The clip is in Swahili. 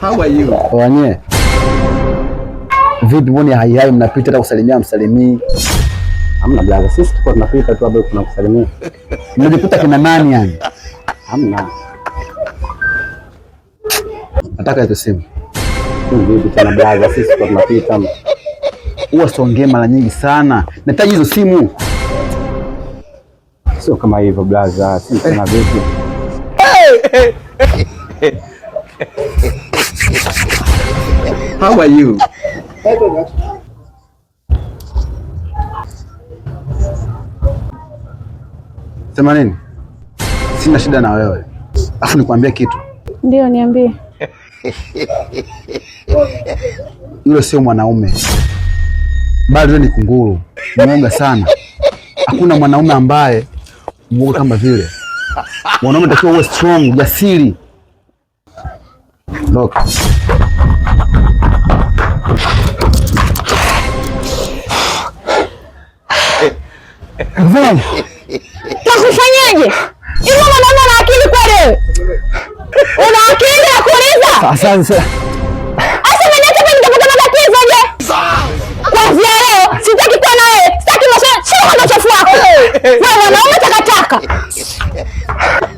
How are you? Wanye. Vipi mbona hai hai mnapita hata kusalimia msalimii? Hamna blaza, sisi tulikuwa tunapita tu hapo tunakusalimia. Mnajikuta kina nani yani? Hamna. Nataka hizo simu. Vipi tena blaza, sisi tulikuwa tunapita. Huwa siongee mara nyingi sana. Nahitaji hizo simu. Sio kama hivyo blaza, si tena eh. vitu How are you? Sema nini? Sina shida na wewe. Alafu nikwambie kitu. Ndio, niambie. Yule sio mwanaume, bado ni kunguru mwoga sana. Hakuna mwanaume ambaye mwoga kama vile. Mwanaume anatakiwa uwe strong, jasiri. Look. Nakufanyaje? Hiyo mwanaume ana akili kweli? Una akili ya kuuliza? Asante sana. Asa kwa nitapata matatizo je? Kwanza leo sitaki kuwa na wewe. Sitaki masomo. Sio Na mwanaume か。